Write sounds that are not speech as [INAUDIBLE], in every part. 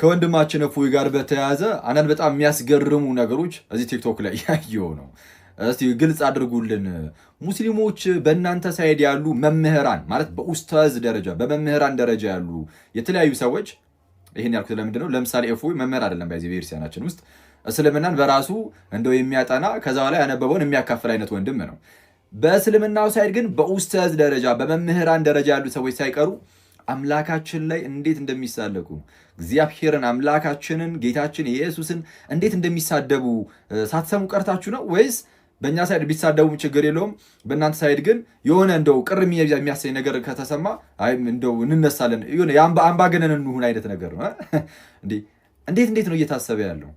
ከወንድማችን እፎይ ጋር በተያያዘ አንዳንድ በጣም የሚያስገርሙ ነገሮች እዚህ ቲክቶክ ላይ [LAUGHS] ያየው ነው። እስቲ ግልጽ አድርጉልን። ሙስሊሞች በእናንተ ሳይድ ያሉ መምህራን ማለት በኡስታዝ ደረጃ በመምህራን ደረጃ ያሉ የተለያዩ ሰዎች ይህን ያልኩት ለምንድን ነው? ለምሳሌ እፎይ መምህር አይደለም። በዚህ ቤተክርስቲያናችን ውስጥ እስልምናን በራሱ እንደው የሚያጠና ከዛ ላይ ያነበበውን የሚያካፍል አይነት ወንድም ነው። በእስልምናው ሳይድ ግን በኡስታዝ ደረጃ በመምህራን ደረጃ ያሉ ሰዎች ሳይቀሩ አምላካችን ላይ እንዴት እንደሚሳለቁ እግዚአብሔርን አምላካችንን ጌታችን ኢየሱስን እንዴት እንደሚሳደቡ ሳትሰሙ ቀርታችሁ ነው ወይስ በእኛ ሳይድ ቢሳደቡም ችግር የለውም። በእናንተ ሳይድ ግን የሆነ እንደው ቅር የሚያሰኝ ነገር ከተሰማ እንደው እንነሳለን፣ የሆነ አምባገነን እንሁን አይነት ነገር ነው። እንዴት እንዴት ነው እየታሰበ ያለው?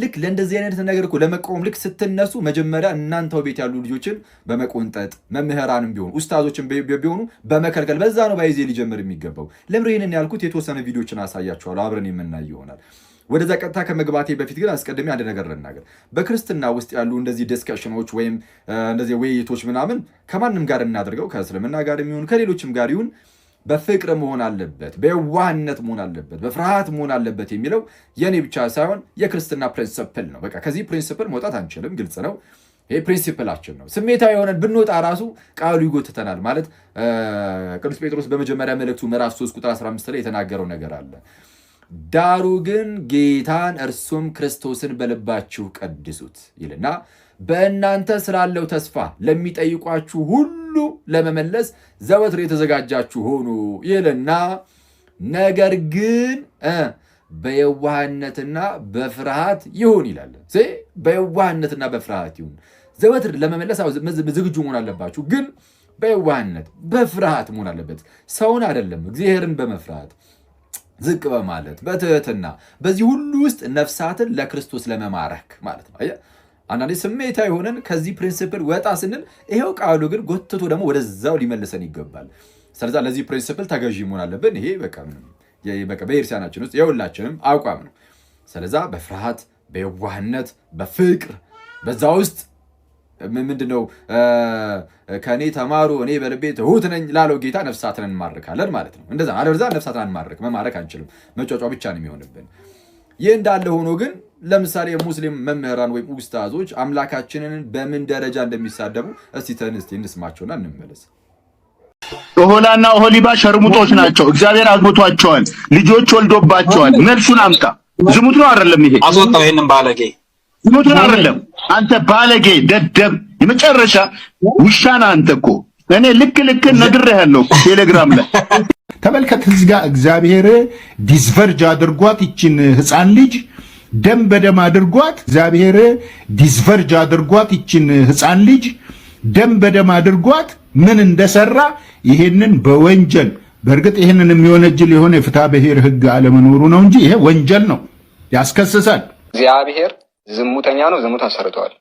ልክ ለእንደዚህ አይነት ነገር እኮ ለመቃወም ልክ ስትነሱ መጀመሪያ እናንተው ቤት ያሉ ልጆችን በመቆንጠጥ መምህራንም ቢሆኑ ኡስታዞችን ቢሆኑ በመከልከል በዛ ነው ባይዜ ሊጀምር የሚገባው። ለምር ይህንን ያልኩት የተወሰነ ቪዲዮችን አሳያችኋለሁ፣ አብረን የምናይ ይሆናል። ወደዛ ቀጥታ ከመግባቴ በፊት ግን አስቀድሜ አንድ ነገር ልናገር። በክርስትና ውስጥ ያሉ እንደዚህ ዲስከሽኖች ወይም እንደዚህ ውይይቶች ምናምን ከማንም ጋር እናደርገው ከእስልምና ጋር የሚሆን ከሌሎችም ጋር ይሁን በፍቅር መሆን አለበት፣ በየዋህነት መሆን አለበት፣ በፍርሃት መሆን አለበት የሚለው የኔ ብቻ ሳይሆን የክርስትና ፕሪንስፕል ነው። በቃ ከዚህ ፕሪንስፕል መውጣት አንችልም። ግልጽ ነው። ይሄ ፕሪንሲፕላችን ነው። ስሜታዊ የሆነን ብንወጣ ራሱ ቃሉ ይጎትተናል። ማለት ቅዱስ ጴጥሮስ በመጀመሪያ መልእክቱ ምዕራፍ 3 ቁጥር 15 ላይ የተናገረው ነገር አለ ዳሩ ግን ጌታን እርሱም ክርስቶስን በልባችሁ ቀድሱት ይልና በእናንተ ስላለው ተስፋ ለሚጠይቋችሁ ሁሉ ለመመለስ ዘወትር የተዘጋጃችሁ ሆኑ ይልና ነገር ግን በየዋህነትና በፍርሃት ይሁን ይላል። በየዋህነትና በፍርሃት ይሁን ዘወትር ለመመለስ ዝግጁ መሆን አለባችሁ። ግን በየዋህነት በፍርሃት መሆን አለበት። ሰውን አይደለም እግዚአብሔርን በመፍራት ዝቅ በማለት በትህትና በዚህ ሁሉ ውስጥ ነፍሳትን ለክርስቶስ ለመማረክ ማለት ነው። አንዳንዴ ስሜታ የሆነን ከዚህ ፕሪንስፕል ወጣ ስንል ይሄው ቃሉ ግን ጎትቶ ደግሞ ወደዛው ሊመልሰን ይገባል። ስለዛ ለዚህ ፕሪንስፕል ተገዥ መሆን አለብን። ይሄ በቤርሲያናችን ውስጥ የሁላችንም አቋም ነው። ስለዛ በፍርሃት በየዋህነት በፍቅር በዛ ውስጥ ምንድን ነው ከእኔ ተማሩ እኔ በልቤ ትሁት ነኝ ላለው ጌታ ነፍሳትን እንማርካለን ማለት ነው። እንደዛ አለበለዚያ ነፍሳትን አንማርክ መማረክ አንችልም። መጫጫ ብቻ ነው የሚሆንብን። ይህ እንዳለ ሆኖ ግን ለምሳሌ ሙስሊም መምህራን ወይም ኡስታዞች አምላካችንን በምን ደረጃ እንደሚሳደቡ እስቲ ተንስቲ እንስማቸውና እንመለስ። ኦሆላና ኦሆሊባ ሸርሙጦች ናቸው። እግዚአብሔር አግብቷቸዋል፣ ልጆች ወልዶባቸዋል። መልሱን አምጣ። ዝሙት ነው አይደለም? ይሄ አስወጣው። ይሄንን ባለጌ ዝሙት ነው አይደለም? አንተ ባለጌ ደደብ የመጨረሻ ውሻና አንተ እኮ እኔ ልክ ልክ ነግሬሃለሁ ቴሌግራም ላይ ተመልከት። እዚህ ጋር እግዚአብሔር ዲስቨርጅ አድርጓት ይችን ህፃን ልጅ ደም በደም አድርጓት። እግዚአብሔር ዲስቨርጅ አድርጓት ይችን ህፃን ልጅ ደም በደም አድርጓት። ምን እንደሰራ ይሄንን በወንጀል በእርግጥ ይህንን የሚወነጅል የሆነ የፍትሐ ብሔር ህግ አለመኖሩ ነው እንጂ ይሄ ወንጀል ነው፣ ያስከስሳል እግዚአብሔር ዝሙተኛ ነው፣ ዝሙት አሰርተዋል።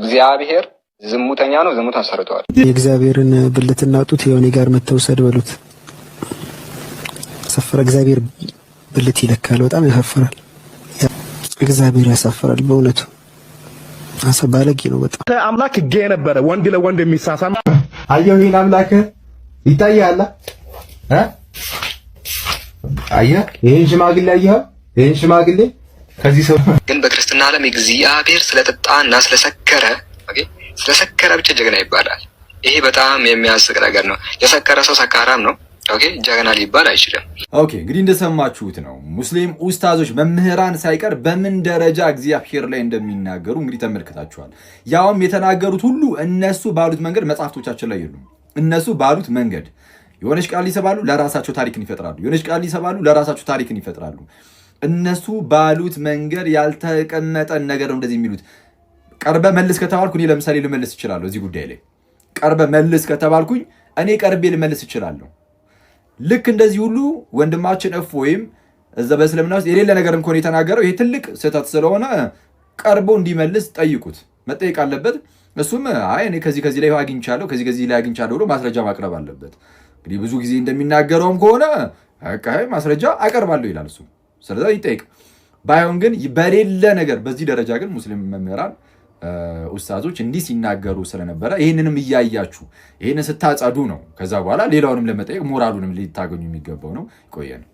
እግዚአብሔር ዝሙተኛ ነው፣ ዝሙት አሰርተዋል። የእግዚአብሔርን ብልትና ጡት የሆነ ጋር መተውሰድ በሉት ሰፈረ። እግዚአብሔር ብልት ይለካል። በጣም ያሳፍራል። እግዚአብሔር ያሳፍራል በእውነቱ አሰባለጊ ነው በጣም አምላክ ጌ ነበረ ወንድ ለወንድ የሚሳሳም አየው። ይሄን አምላክ ይታያል እ አየህ ይሄን ሽማግሌ አየኸው ይሄን ሽማግሌ ከዚህ ሰው ግን በክርስትና ዓለም እግዚአብሔር ስለጠጣ እና ስለሰከረ ስለሰከረ ብቻ ጀግና ይባላል። ይሄ በጣም የሚያስቅ ነገር ነው። የሰከረ ሰው ሰካራም ነው፣ ጀግና ሊባል አይችልም። ኦኬ እንግዲህ እንደሰማችሁት ነው። ሙስሊም ኡስታዞች መምህራን ሳይቀር በምን ደረጃ እግዚአብሔር ላይ እንደሚናገሩ እንግዲህ ተመልክታችኋል። ያውም የተናገሩት ሁሉ እነሱ ባሉት መንገድ መጽሐፍቶቻችን ላይ የሉም። እነሱ ባሉት መንገድ የሆነች ቃል ይሰባሉ፣ ለራሳቸው ታሪክን ይፈጥራሉ። የሆነች ቃል ይሰባሉ፣ ለራሳቸው ታሪክን ይፈጥራሉ። እነሱ ባሉት መንገድ ያልተቀመጠን ነገር ነው እንደዚህ የሚሉት። ቀርበ መልስ ከተባልኩ እኔ ለምሳሌ ልመልስ እችላለሁ። እዚህ ጉዳይ ላይ ቀርበ መልስ ከተባልኩኝ እኔ ቀርቤ ልመልስ እችላለሁ። ልክ እንደዚህ ሁሉ ወንድማችን እፍ ወይም እዛ በእስልምና ውስጥ የሌለ ነገር እንኳን የተናገረው ይሄ ትልቅ ስህተት ስለሆነ ቀርቦ እንዲመልስ ጠይቁት፣ መጠየቅ አለበት። እሱም አይ እኔ ከዚህ ከዚህ ላይ አግኝቻለሁ ከዚህ ከዚህ ላይ አግኝቻለሁ ብሎ ማስረጃ ማቅረብ አለበት። እንግዲህ ብዙ ጊዜ እንደሚናገረውም ከሆነ ማስረጃ አቀርባለሁ ይላል እሱም ስለዛ ይጠይቅ። ባይሆን ግን በሌለ ነገር በዚህ ደረጃ ግን ሙስሊም መምህራን ኡስታዞች እንዲህ ሲናገሩ ስለነበረ ይህንንም እያያችሁ ይህንን ስታጸዱ ነው ከዛ በኋላ ሌላውንም ለመጠየቅ ሞራሉንም ሊታገኙ የሚገባው ነው። ይቆየን።